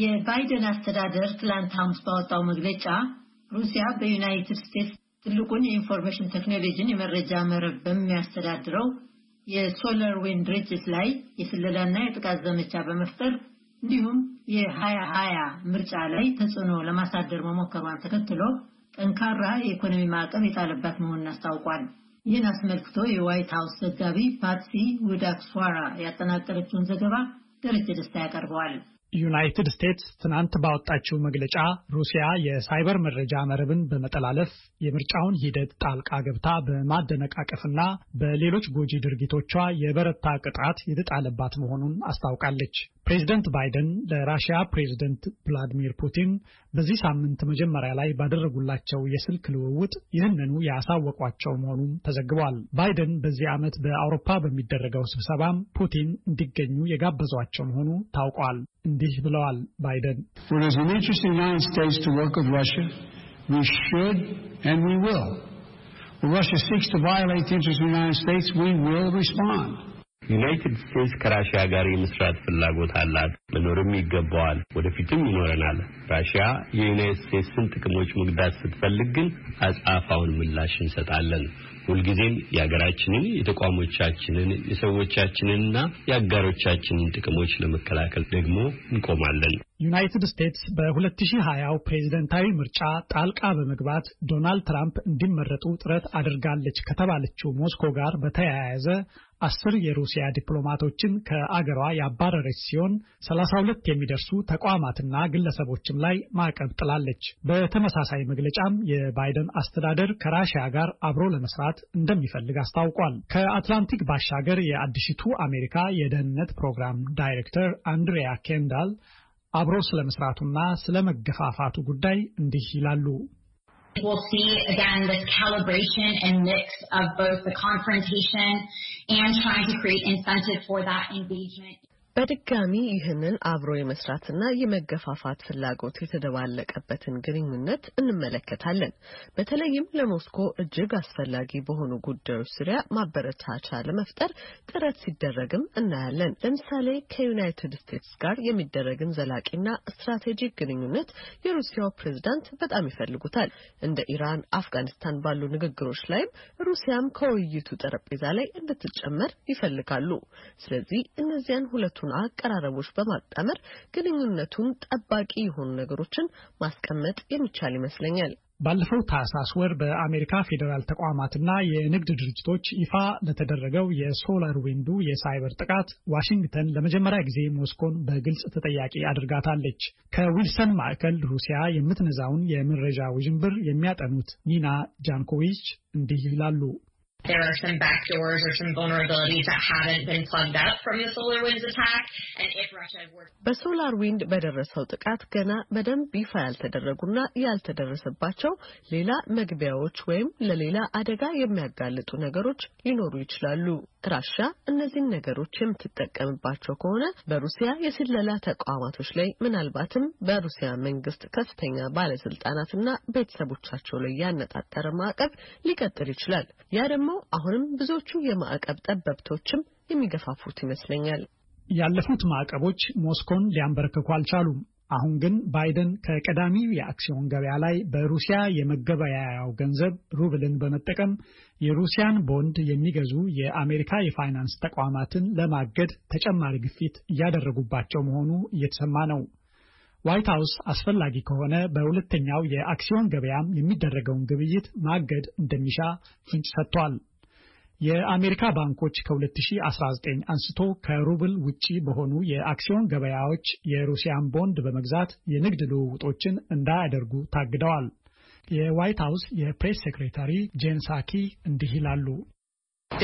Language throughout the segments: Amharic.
የባይደን አስተዳደር ትላንት ሐሙስ ባወጣው መግለጫ ሩሲያ በዩናይትድ ስቴትስ ትልቁን የኢንፎርሜሽን ቴክኖሎጂን የመረጃ መረብ በሚያስተዳድረው የሶለር ዊንድ ድርጅት ላይ የስለላና የጥቃት ዘመቻ በመፍጠር እንዲሁም የ2020 ምርጫ ላይ ተጽዕኖ ለማሳደር መሞከሯን ተከትሎ ጠንካራ የኢኮኖሚ ማዕቀብ የጣለባት መሆኑን አስታውቋል። ይህን አስመልክቶ የዋይት ሀውስ ዘጋቢ ፓትሲ ውዳክስዋራ ያጠናቀረችውን ዘገባ ደረጀ ደስታ ያቀርበዋል። ዩናይትድ ስቴትስ ትናንት ባወጣችው መግለጫ ሩሲያ የሳይበር መረጃ መረብን በመጠላለፍ የምርጫውን ሂደት ጣልቃ ገብታ በማደነቃቀፍና በሌሎች ጎጂ ድርጊቶቿ የበረታ ቅጣት የተጣለባት መሆኑን አስታውቃለች። ፕሬዚደንት ባይደን ለራሽያ ፕሬዚደንት ቭላዲሚር ፑቲን በዚህ ሳምንት መጀመሪያ ላይ ባደረጉላቸው የስልክ ልውውጥ ይህንኑ ያሳወቋቸው መሆኑን ተዘግቧል። ባይደን በዚህ ዓመት በአውሮፓ በሚደረገው ስብሰባም ፑቲን እንዲገኙ የጋበዟቸው መሆኑ ታውቋል። እንዲህ ብለዋል ባይደን When Russia seeks to violate the interests of the United States, we will respond. ዩናይትድ ስቴትስ ከራሽያ ጋር የመስራት ፍላጎት አላት፣ መኖርም ይገባዋል፣ ወደፊትም ይኖረናል። ራሽያ የዩናይትድ ስቴትስን ጥቅሞች መግዳት ስትፈልግ ግን አጻፋውን ምላሽ እንሰጣለን። ሁልጊዜም የሀገራችንን፣ የተቋሞቻችንን፣ የሰዎቻችንንና የአጋሮቻችንን ጥቅሞች ለመከላከል ደግሞ እንቆማለን። ዩናይትድ ስቴትስ በ2020 ፕሬዝደንታዊ ምርጫ ጣልቃ በመግባት ዶናልድ ትራምፕ እንዲመረጡ ጥረት አድርጋለች ከተባለችው ሞስኮ ጋር በተያያዘ አስር የሩሲያ ዲፕሎማቶችን ከአገሯ ያባረረች ሲሆን 32 የሚደርሱ ተቋማትና ግለሰቦችም ላይ ማዕቀብ ጥላለች። በተመሳሳይ መግለጫም የባይደን አስተዳደር ከራሽያ ጋር አብሮ ለመስራት እንደሚፈልግ አስታውቋል። ከአትላንቲክ ባሻገር የአዲሽቱ አሜሪካ የደህንነት ፕሮግራም ዳይሬክተር አንድሪያ ኬንዳል አብሮ ስለመስራቱና ስለመገፋፋቱ ጉዳይ እንዲህ ይላሉ። we'll see again this calibration and mix of both the confrontation and trying to create incentive for that engagement. በድጋሚ ይህንን አብሮ የመስራትና የመገፋፋት ፍላጎት የተደባለቀበትን ግንኙነት እንመለከታለን። በተለይም ለሞስኮ እጅግ አስፈላጊ በሆኑ ጉዳዮች ዙሪያ ማበረታቻ ለመፍጠር ጥረት ሲደረግም እናያለን። ለምሳሌ ከዩናይትድ ስቴትስ ጋር የሚደረግን ዘላቂና ስትራቴጂክ ግንኙነት የሩሲያው ፕሬዝዳንት በጣም ይፈልጉታል። እንደ ኢራን፣ አፍጋኒስታን ባሉ ንግግሮች ላይም ሩሲያም ከውይይቱ ጠረጴዛ ላይ እንድትጨመር ይፈልጋሉ። ስለዚህ እነዚያን ሁለቱ የሁለቱን አቀራረቦች በማጣመር ግንኙነቱን ጠባቂ የሆኑ ነገሮችን ማስቀመጥ የሚቻል ይመስለኛል። ባለፈው ታህሳስ ወር በአሜሪካ ፌዴራል ተቋማትና የንግድ ድርጅቶች ይፋ ለተደረገው የሶላር ዊንዱ የሳይበር ጥቃት ዋሽንግተን ለመጀመሪያ ጊዜ ሞስኮን በግልጽ ተጠያቂ አድርጋታለች። ከዊልሰን ማዕከል ሩሲያ የምትነዛውን የመረጃ ውዥንብር የሚያጠኑት ኒና ጃንኮዊች እንዲህ ይላሉ። there are some back doors or some vulnerabilities that haven't been plugged up from the solar winds attack and if Russia were በሶላር ዊንድ በደረሰው ጥቃት ገና በደንብ ይፋ ያልተደረጉና ያልተደረሰባቸው ሌላ መግቢያዎች ወይም ለሌላ አደጋ የሚያጋልጡ ነገሮች ሊኖሩ ይችላሉ። ራሻ እነዚህን ነገሮች የምትጠቀምባቸው ከሆነ በሩሲያ የስለላ ተቋማቶች ላይ ምናልባትም በሩሲያ መንግስት ከፍተኛ ባለስልጣናትና ቤተሰቦቻቸው ላይ ያነጣጠረ ማዕቀብ ሊቀጥል ይችላል። ያ ደግሞ አሁንም ብዙዎቹ የማዕቀብ ጠበብቶችም የሚገፋፉት ይመስለኛል። ያለፉት ማዕቀቦች ሞስኮን ሊያንበረክኩ አልቻሉም። አሁን ግን ባይደን ከቀዳሚው የአክሲዮን ገበያ ላይ በሩሲያ የመገበያያው ገንዘብ ሩብልን በመጠቀም የሩሲያን ቦንድ የሚገዙ የአሜሪካ የፋይናንስ ተቋማትን ለማገድ ተጨማሪ ግፊት እያደረጉባቸው መሆኑ እየተሰማ ነው። ዋይት ሀውስ አስፈላጊ ከሆነ በሁለተኛው የአክሲዮን ገበያም የሚደረገውን ግብይት ማገድ እንደሚሻ ፍንጭ ሰጥቷል። የአሜሪካ ባንኮች ከ2019 አንስቶ ከሩብል ውጪ በሆኑ የአክሲዮን ገበያዎች የሩሲያን ቦንድ በመግዛት የንግድ ልውውጦችን እንዳያደርጉ ታግደዋል። የዋይት ሀውስ የፕሬስ ሴክሬታሪ ጄን ሳኪ እንዲህ ይላሉ።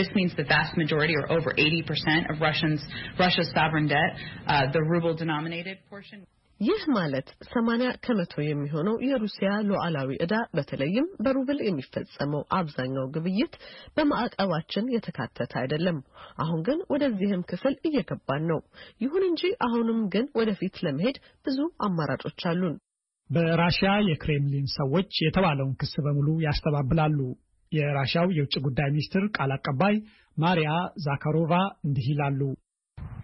This means the vast majority, or over 80% of Russians, Russia's sovereign debt, uh, the ruble-denominated portion. ይህ ማለት 80 ከመቶ የሚሆነው የሩሲያ ሉዓላዊ ዕዳ በተለይም በሩብል የሚፈጸመው አብዛኛው ግብይት በማዕቀባችን የተካተተ አይደለም። አሁን ግን ወደዚህም ክፍል እየገባን ነው። ይሁን እንጂ አሁንም ግን ወደፊት ለመሄድ ብዙ አማራጮች አሉን። በራሽያ የክሬምሊን ሰዎች የተባለውን ክስ በሙሉ ያስተባብላሉ። የራሽያው የውጭ ጉዳይ ሚኒስትር ቃል አቀባይ ማሪያ ዛካሮቫ እንዲህ ይላሉ።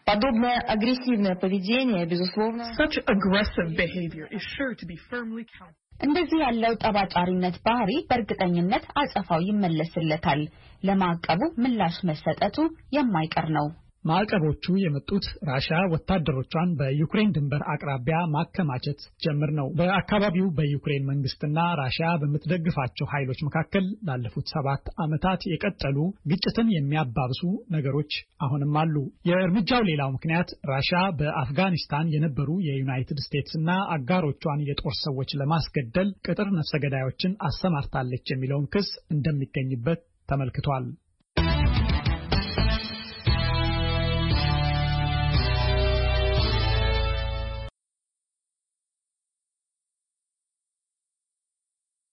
Подобное агрессивное поведение, безусловно... Such aggressive behavior is sure to be firmly counted. እንደዚህ ያለው ጠባጫሪነት ባህሪ በእርግጠኝነት አጸፋው ይመለስለታል። ለማዕቀቡ ምላሽ መሰጠቱ የማይቀር ነው። ማዕቀቦቹ የመጡት ራሽያ ወታደሮቿን በዩክሬን ድንበር አቅራቢያ ማከማቸት ጀምር ነው። በአካባቢው በዩክሬን መንግስትና ራሽያ በምትደግፋቸው ኃይሎች መካከል ላለፉት ሰባት ዓመታት የቀጠሉ ግጭትን የሚያባብሱ ነገሮች አሁንም አሉ። የእርምጃው ሌላው ምክንያት ራሽያ በአፍጋኒስታን የነበሩ የዩናይትድ ስቴትስ እና አጋሮቿን የጦር ሰዎች ለማስገደል ቅጥር ነፍሰ ገዳዮችን አሰማርታለች የሚለውን ክስ እንደሚገኝበት ተመልክቷል።